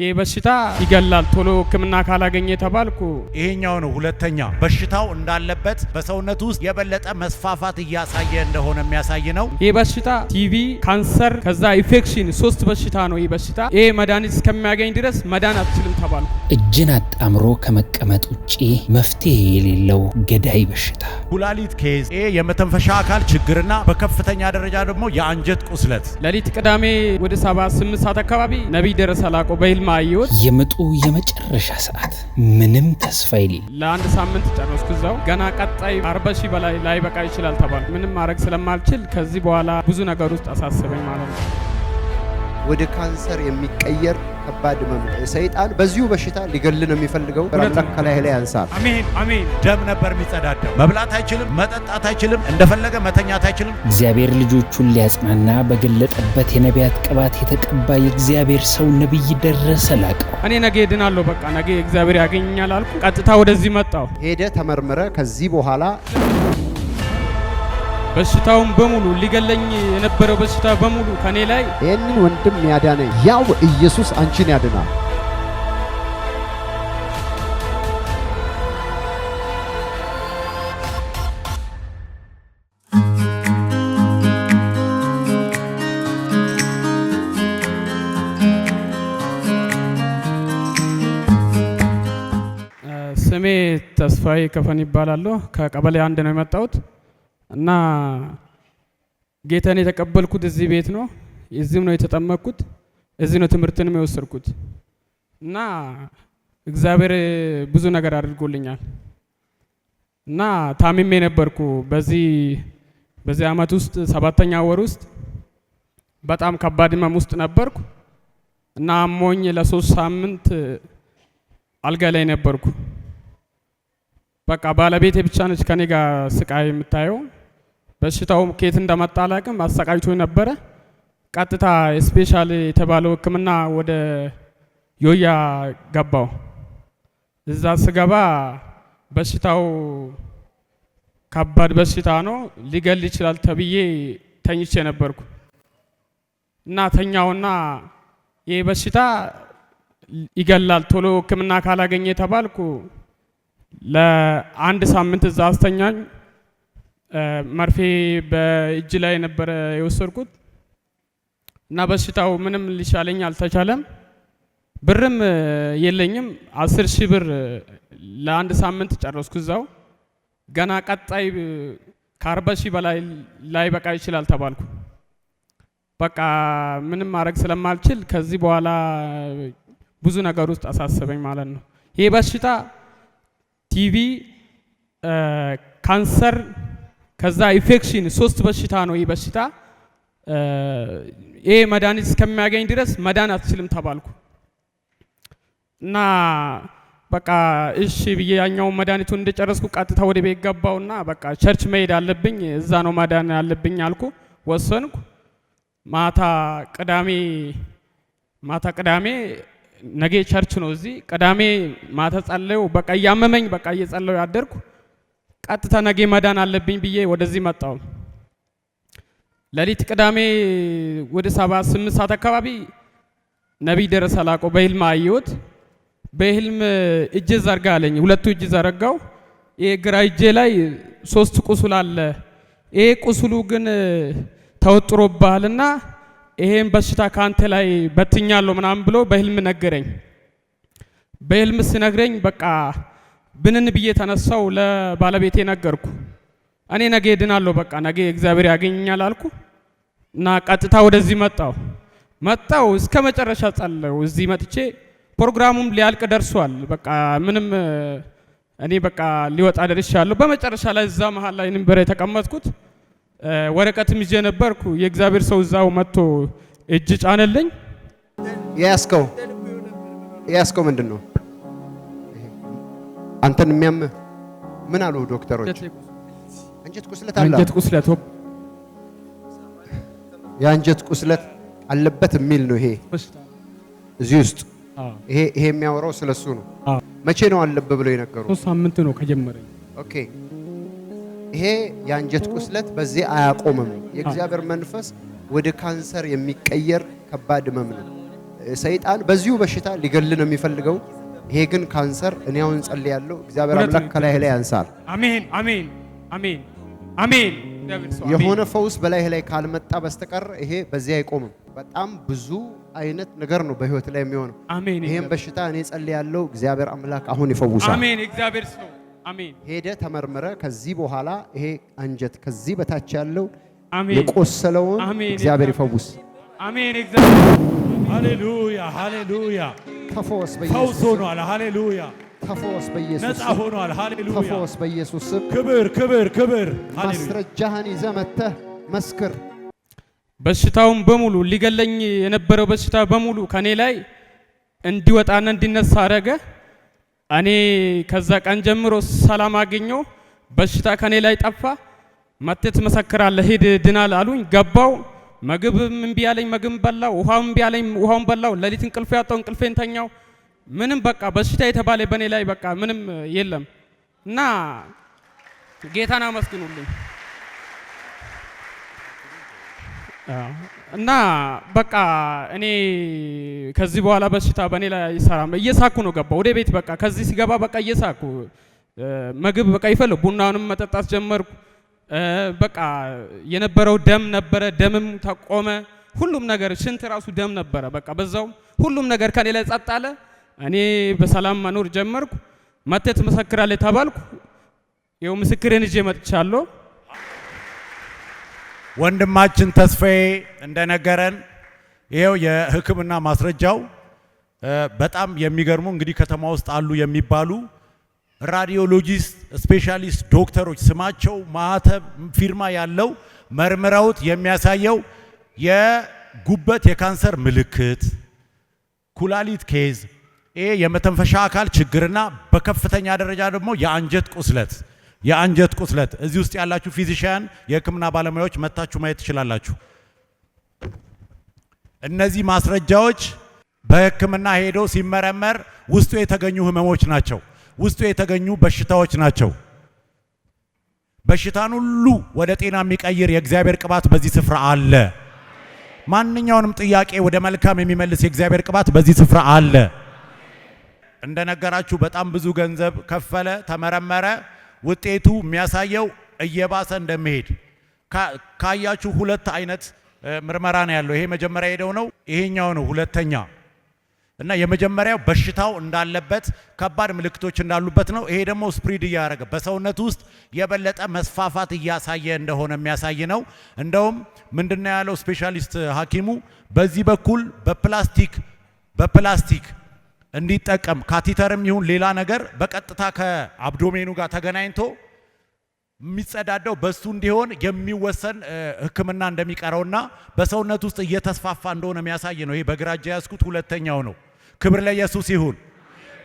ይህ በሽታ ይገላል። ቶሎ ሕክምና ካላገኘ ተባልኩ። ይሄኛው ነው። ሁለተኛ በሽታው እንዳለበት በሰውነት ውስጥ የበለጠ መስፋፋት እያሳየ እንደሆነ የሚያሳይ ነው። ይህ በሽታ ቲቪ፣ ካንሰር፣ ከዛ ኢንፌክሽን ሶስት በሽታ ነው። ይህ በሽታ ይህ መድኃኒት እስከሚያገኝ ድረስ መዳን አትችልም ተባልኩ። እጅን አጣምሮ ከመቀመጥ ውጭ መፍትሄ የሌለው ገዳይ በሽታ ኩላሊት ኬዝ፣ ይሄ የመተንፈሻ አካል ችግርና በከፍተኛ ደረጃ ደግሞ የአንጀት ቁስለት። ሌሊት ቅዳሜ ወደ 78 ሰዓት አካባቢ ነቢይ ደረሰ ላቆ ማየት የምጡ የመጨረሻ ሰዓት ምንም ተስፋ የሌለው ለአንድ ሳምንት ጨረስኩ እዛው። ገና ቀጣይ አርባ ሺህ በላይ ላይበቃ ይችላል ተባለ ምንም ማድረግ ስለማልችል ከዚህ በኋላ ብዙ ነገር ውስጥ አሳስበኝ ማለት ነው ወደ ካንሰር የሚቀየር ከባድ ህመም ሰይጣን በዚሁ በሽታ ሊገል ነው የሚፈልገው። ራምጣን ከላይ ላይ ያንሳል። አሜን አሜን። ደም ነበር የሚጸዳደው። መብላት አይችልም፣ መጠጣት አይችልም፣ እንደፈለገ መተኛት አይችልም። እግዚአብሔር ልጆቹን ሊያጽናና በገለጠበት የነቢያት ቅባት የተቀባ የእግዚአብሔር ሰው ነቢይ ደረሰ ላቀው። እኔ ነገ ድናለሁ፣ በቃ ነገ እግዚአብሔር ያገኛል አልኩ። ቀጥታ ወደዚህ መጣሁ። ሄደ ተመርምረ ከዚህ በኋላ በሽታውን በሙሉ ሊገለኝ የነበረው በሽታ በሙሉ ከኔ ላይ ይህንን ወንድም ያዳነ ያው ኢየሱስ አንቺን ያድናል። ስሜ ተስፋዬ ከፈን ይባላለሁ። ከቀበሌ አንድ ነው የመጣሁት። እና ጌታን የተቀበልኩት እዚህ ቤት ነው። እዚህም ነው የተጠመቅኩት። እዚህ ነው ትምህርትንም የወሰድኩት እና እግዚአብሔር ብዙ ነገር አድርጎልኛል እና ታሚሜ ነበርኩ። በዚህ በዚህ አመት ውስጥ ሰባተኛ ወር ውስጥ በጣም ከባድ ህመም ውስጥ ነበርኩ እና አሞኝ ለሶስት ሳምንት አልጋ ላይ ነበርኩ። በቃ ባለቤቴ ብቻ ነች ከኔ ጋር ስቃይ የምታየው። በሽታው ከየት እንደመጣ አላቅም፣ አሰቃይቶ ነበረ። ቀጥታ ስፔሻል የተባለው ሕክምና ወደ ዮያ ገባው። እዛ ስገባ በሽታው ከባድ በሽታ ነው፣ ሊገል ይችላል ተብዬ ተኝቼ ነበርኩ እና ተኛውና ይህ በሽታ ይገላል ቶሎ ሕክምና ካላገኘ የተባልኩ ለአንድ ሳምንት እዛ አስተኛኝ። መርፌ በእጅ ላይ ነበረ የወሰድኩት እና በሽታው ምንም ሊሻለኝ አልተቻለም። ብርም የለኝም። አስር ሺህ ብር ለአንድ ሳምንት ጨረስኩ እዛው። ገና ቀጣይ ከአርባ ሺህ በላይ ላይ በቃ ይችላል ተባልኩ። በቃ ምንም ማድረግ ስለማልችል ከዚህ በኋላ ብዙ ነገር ውስጥ አሳሰበኝ ማለት ነው ይሄ በሽታ ቲቪ ካንሰር ከዛ ኢንፌክሽን ሶስት በሽታ ነው ይህ በሽታ ይሄ መድኃኒት እስከሚያገኝ ድረስ መዳን አትችልም ተባልኩ እና በቃ እሺ ብዬ ያኛውን መድኃኒቱን እንደጨረስኩ ቀጥታ ወደ ቤት ገባውና በቃ ቸርች መሄድ አለብኝ፣ እዛ ነው ማዳን አለብኝ አልኩ፣ ወሰንኩ። ማታ ቅዳሜ ማታ ቅዳሜ ነገ ቸርች ነው እዚህ ቅዳሜ ማታ ጸለዩ። በቃ እያመመኝ በቃ እየጸለዩ ያደርኩ ቀጥታ ነገ መዳን አለብኝ ብዬ ወደዚህ መጣው። ሌሊት ቅዳሜ ወደ ሰባ ስምንት ሰዓት አካባቢ ነቢይ ደረሰ ላቆ በህልም አየሁት። በህልም እጅ ዘርጋ አለኝ። ሁለቱ እጅ ዘረጋው። ይሄ ግራ እጄ ላይ ሶስት ቁስል አለ። ይሄ ቁስሉ ግን ተወጥሮብሃልና ይሄን በሽታ ከአንተ ላይ በትኛለሁ ምናምን ብሎ በህልም ነገረኝ። በህልም ስነግረኝ በቃ ብንን ብዬ ተነሳው ለባለቤቴ ነገርኩ። እኔ ነገ ድናለሁ፣ በቃ ነገ እግዚአብሔር ያገኘኛል አልኩ እና ቀጥታ ወደዚህ መጣው መጣው እስከ መጨረሻ ጸለው እዚህ መጥቼ ፕሮግራሙም ሊያልቅ ደርሷል። በቃ ምንም እኔ በቃ ሊወጣ ደርሻለሁ። በመጨረሻ ላይ እዛ መሀል ላይ ነበር የተቀመጥኩት። ወረቀትም ይዤ ነበርኩ። የእግዚአብሔር ሰው እዛው መጥቶ እጅ ጫነልኝ። ያስከው ያስከው ምንድን ነው አንተን የሚያምህ ምን አሉ ዶክተሮች? አንጀት ቁስለት አለ። የአንጀት ቁስለት አለበት የሚል ነው ይሄ እዚህ ውስጥ ይሄ ይሄ የሚያወራው ስለሱ ነው። መቼ ነው አለበት ብለው የነገሩ? ሶስት ሳምንት ነው ከጀመረ። ኦኬ ይሄ የአንጀት ቁስለት በዚህ አያቆምም። የእግዚአብሔር መንፈስ ወደ ካንሰር የሚቀየር ከባድ ህመም ነው። ሰይጣን በዚሁ በሽታ ሊገል ነው የሚፈልገው ይሄ ግን ካንሰር እኔ አሁን ጸልያለሁ፣ እግዚአብሔር አምላክ ከላይ ላይ ያንሳል። አሜን፣ አሜን፣ አሜን፣ አሜን። የሆነ ፈውስ በላይ ላይ ካልመጣ በስተቀር ይሄ በዚህ አይቆምም። በጣም ብዙ አይነት ነገር ነው በህይወት ላይ የሚሆነው። ይሄን በሽታ እኔ ጸልያለሁ፣ እግዚአብሔር አምላክ አሁን ይፈውሳል። አሜን። እግዚአብሔር ሰው አሜን። ሄደ ተመርመረ። ከዚህ በኋላ ይሄ አንጀት ከዚህ በታች ያለው የቆሰለውን እግዚአብሔር ይፈውስ። አሜን። እግዚአብሔር ሃሌሉያ፣ ሃሌሉያ ፈውስ ሆኗል። ሃሌሉያ ተፈወስ በኢየሱስ ነጻ ሆኗል። ሃሌሉያ ተፈወስ በኢየሱስ ክብር ክብር ክብር። ማስረጃህን ይዘህ መጥተህ መስክር። በሽታውን በሙሉ ሊገለኝ የነበረው በሽታ በሙሉ ከኔ ላይ እንዲወጣና እንዲነሳ አረገ። እኔ ከዛ ቀን ጀምሮ ሰላም አገኘሁ። በሽታ ከኔ ላይ ጠፋ። መጥተህ ትመሰክራለህ፣ ሂድ ድናል አሉኝ። ገባው ምግብም እምቢ አለኝ፣ ምግብም በላው። ውሃውም እምቢ አለኝ፣ ውሃውም በላው። ለሊት እንቅልፍ ያጣው፣ እንቅልፌን ተኛው። ምንም በቃ በሽታ የተባለ በእኔ ላይ በቃ ምንም የለም እና ጌታን አመስግኑልኝ እና በቃ እኔ ከዚህ በኋላ በሽታ በእኔ ላይ አይሰራም። እየሳኩ ነው ገባ ወደ ቤት በቃ ከዚህ ሲገባ በቃ እየሳኩ ምግብ በቃ ይፈል ቡናውንም መጠጣት ጀመርኩ። በቃ የነበረው ደም ነበረ። ደምም ተቆመ። ሁሉም ነገር ሽንት ራሱ ደም ነበረ። በቃ በዛው ሁሉም ነገር ከኔ ላይ ጸጥ አለ። እኔ በሰላም መኖር ጀመርኩ። መተት መሰክራለሁ ተባልኩ። ይኸው ምስክሬን ይዤ መጥቻለሁ። ወንድማችን ተስፋዬ እንደነገረን ይኸው የሕክምና ማስረጃው በጣም የሚገርሙ እንግዲህ ከተማ ውስጥ አሉ የሚባሉ ራዲዮሎጂስት፣ ስፔሻሊስት ዶክተሮች ስማቸው ማህተብ ፊርማ ያለው መርምረውት የሚያሳየው የጉበት የካንሰር ምልክት፣ ኩላሊት ኬዝ፣ ይሄ የመተንፈሻ አካል ችግርና በከፍተኛ ደረጃ ደግሞ የአንጀት ቁስለት የአንጀት ቁስለት እዚህ ውስጥ ያላችሁ ፊዚሽያን የህክምና ባለሙያዎች መታችሁ ማየት ትችላላችሁ። እነዚህ ማስረጃዎች በህክምና ሄደው ሲመረመር ውስጡ የተገኙ ህመሞች ናቸው። ውስጡ የተገኙ በሽታዎች ናቸው። በሽታን ሁሉ ወደ ጤና የሚቀይር የእግዚአብሔር ቅባት በዚህ ስፍራ አለ። ማንኛውንም ጥያቄ ወደ መልካም የሚመልስ የእግዚአብሔር ቅባት በዚህ ስፍራ አለ። እንደነገራችሁ በጣም ብዙ ገንዘብ ከፈለ፣ ተመረመረ። ውጤቱ የሚያሳየው እየባሰ እንደሚሄድ ካያችሁ፣ ሁለት አይነት ምርመራ ነው ያለው። ይሄ መጀመሪያ ሄደው ነው፣ ይሄኛው ነው ሁለተኛ እና የመጀመሪያው በሽታው እንዳለበት ከባድ ምልክቶች እንዳሉበት ነው። ይሄ ደግሞ ስፕሪድ እያደረገ በሰውነት ውስጥ የበለጠ መስፋፋት እያሳየ እንደሆነ የሚያሳይ ነው። እንደውም ምንድነው ያለው ስፔሻሊስት ሐኪሙ በዚህ በኩል በፕላስቲክ በፕላስቲክ እንዲጠቀም ካቲተርም ይሁን ሌላ ነገር በቀጥታ ከአብዶሜኑ ጋር ተገናኝቶ የሚጸዳዳው በሱ እንዲሆን የሚወሰን ሕክምና እንደሚቀረውና በሰውነት ውስጥ እየተስፋፋ እንደሆነ የሚያሳይ ነው። ይሄ በግራ እጅ ያዝኩት ሁለተኛው ነው። ክብር ለኢየሱስ ይሁን።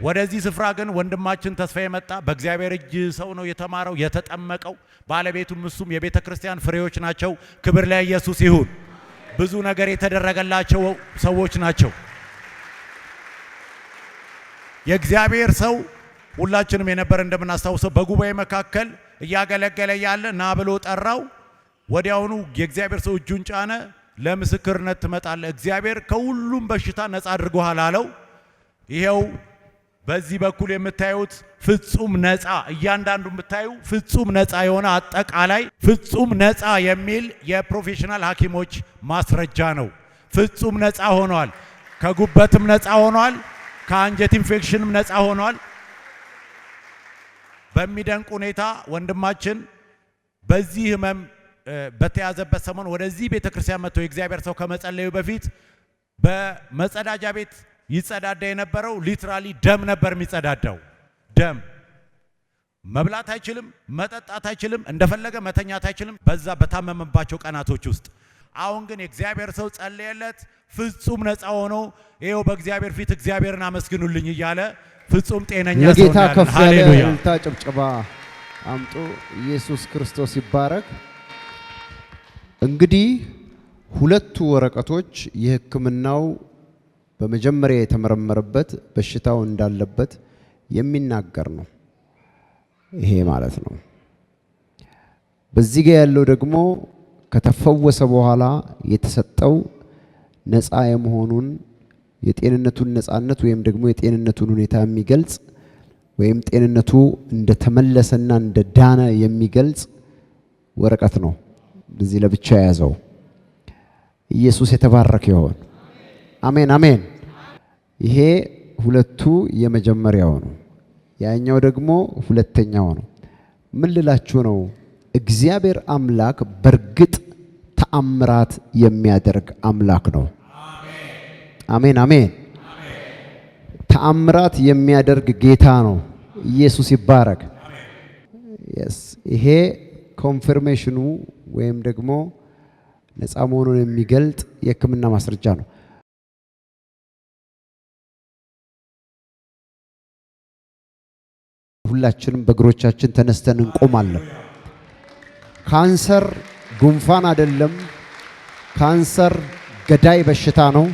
ወደዚህ ስፍራ ግን ወንድማችን ተስፋዬ መጣ። በእግዚአብሔር እጅ ሰው ነው የተማረው የተጠመቀው፣ ባለቤቱም እሱም የቤተ ክርስቲያን ፍሬዎች ናቸው። ክብር ለኢየሱስ ይሁን። ብዙ ነገር የተደረገላቸው ሰዎች ናቸው። የእግዚአብሔር ሰው ሁላችንም የነበረ እንደምናስታውሰው በጉባኤ መካከል እያገለገለ ያለ ና ብሎ ጠራው። ወዲያውኑ የእግዚአብሔር ሰው እጁን ጫነ። ለምስክርነት ትመጣለህ፣ እግዚአብሔር ከሁሉም በሽታ ነፃ አድርጎሃል አለው። ይሄው በዚህ በኩል የምታዩት ፍጹም ነፃ እያንዳንዱ የምታዩ ፍጹም ነፃ የሆነ አጠቃላይ ፍጹም ነፃ የሚል የፕሮፌሽናል ሐኪሞች ማስረጃ ነው። ፍጹም ነፃ ሆኗል። ከጉበትም ነፃ ሆኗል። ከአንጀት ኢንፌክሽንም ነፃ ሆኗል። በሚደንቅ ሁኔታ ወንድማችን በዚህ ህመም በተያዘበት ሰሞን ወደዚህ ቤተክርስቲያን መጥቶ የእግዚአብሔር ሰው ከመጸለዩ በፊት በመጸዳጃ ቤት ይጸዳዳ የነበረው ሊትራሊ ደም ነበር የሚጸዳዳው። ደም መብላት አይችልም፣ መጠጣት አይችልም፣ እንደፈለገ መተኛት አይችልም፣ በዛ በታመመባቸው ቀናቶች ውስጥ። አሁን ግን የእግዚአብሔር ሰው ጸለየለት፣ ፍጹም ነፃ ሆኖ ይኸው በእግዚአብሔር ፊት እግዚአብሔርን አመስግኑልኝ እያለ ፍጹም ጤነኛ ለጌታ ከፍ ያለ እልልታ ጭብጨባ አምጡ። ኢየሱስ ክርስቶስ ይባረክ። እንግዲህ ሁለቱ ወረቀቶች የሕክምናው በመጀመሪያ የተመረመረበት በሽታው እንዳለበት የሚናገር ነው። ይሄ ማለት ነው። በዚህ ጋ ያለው ደግሞ ከተፈወሰ በኋላ የተሰጠው ነፃ የመሆኑን የጤንነቱን ነፃነት ወይም ደግሞ የጤንነቱን ሁኔታ የሚገልጽ ወይም ጤንነቱ እንደተመለሰና እንደ ዳነ የሚገልጽ ወረቀት ነው። እዚህ ለብቻ የያዘው ኢየሱስ የተባረከ ይሆን። አሜን አሜን። ይሄ ሁለቱ የመጀመሪያው ነው። ያኛው ደግሞ ሁለተኛው ነው። ምን ልላችሁ ነው? እግዚአብሔር አምላክ በእርግጥ ተአምራት የሚያደርግ አምላክ ነው። አሜን አሜን። ተአምራት የሚያደርግ ጌታ ነው። ኢየሱስ ይባረክ። ይሄ ኮንፊርሜሽኑ ወይም ደግሞ ነፃ መሆኑን የሚገልጥ የሕክምና ማስረጃ ነው። ሁላችንም በእግሮቻችን ተነስተን እንቆማለን። ካንሰር ጉንፋን አይደለም። ካንሰር ገዳይ በሽታ ነው።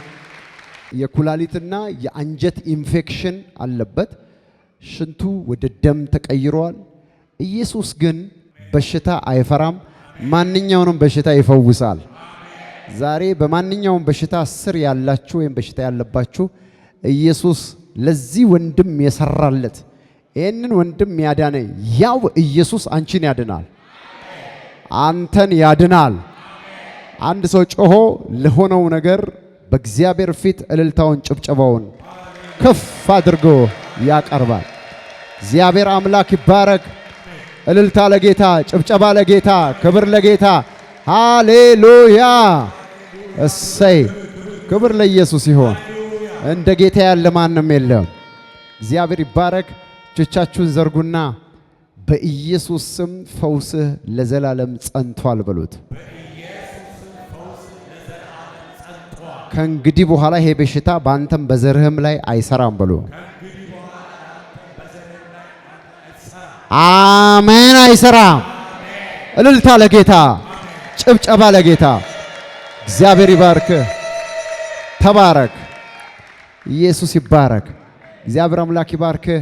የኩላሊትና የአንጀት ኢንፌክሽን አለበት። ሽንቱ ወደ ደም ተቀይሯል። ኢየሱስ ግን በሽታ አይፈራም፣ ማንኛውንም በሽታ ይፈውሳል። ዛሬ በማንኛውም በሽታ ስር ያላችሁ ወይም በሽታ ያለባችሁ ኢየሱስ ለዚህ ወንድም የሰራለት ይህንን ወንድም ያዳነ ያው ኢየሱስ አንቺን ያድናል፣ አንተን ያድናል። አንድ ሰው ጮሆ ለሆነው ነገር በእግዚአብሔር ፊት እልልታውን ጭብጨባውን ከፍ አድርጎ ያቀርባል። እግዚአብሔር አምላክ ይባረክ። እልልታ ለጌታ፣ ጭብጨባ ለጌታ፣ ክብር ለጌታ። ሃሌሉያ! እሰይ! ክብር ለኢየሱስ ይሆን። እንደ ጌታ ያለ ማንም የለም። እግዚአብሔር ይባረክ። እጆቻችሁን ዘርጉና በኢየሱስ ስም ፈውስህ ለዘላለም ጸንቷል በሉት። ከእንግዲህ በኋላ ይሄ በሽታ በአንተም በዘርህም ላይ አይሰራም በሉ። አሜን። አይሰራም። እልልታ ለጌታ፣ ጭብጨባ ለጌታ። እግዚአብሔር ይባርክህ። ተባረክ። ኢየሱስ ይባረክ። እግዚአብሔር አምላክ ይባርክህ።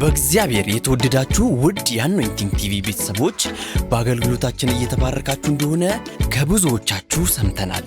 በእግዚአብሔር የተወደዳችሁ ውድ የአኖይንቲንግ ቲቪ ቤተሰቦች በአገልግሎታችን እየተባረካችሁ እንደሆነ ከብዙዎቻችሁ ሰምተናል።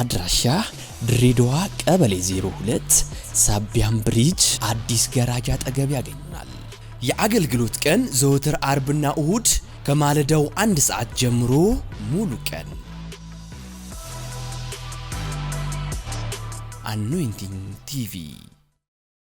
አድራሻ ድሬዳዋ ቀበሌ 02 ሳቢያም ብሪጅ አዲስ ገራጅ አጠገብ ያገኙናል። የአገልግሎት ቀን ዘወትር አርብና እሁድ ከማለዳው አንድ ሰዓት ጀምሮ ሙሉ ቀን። አኖይንቲንግ ቲቪ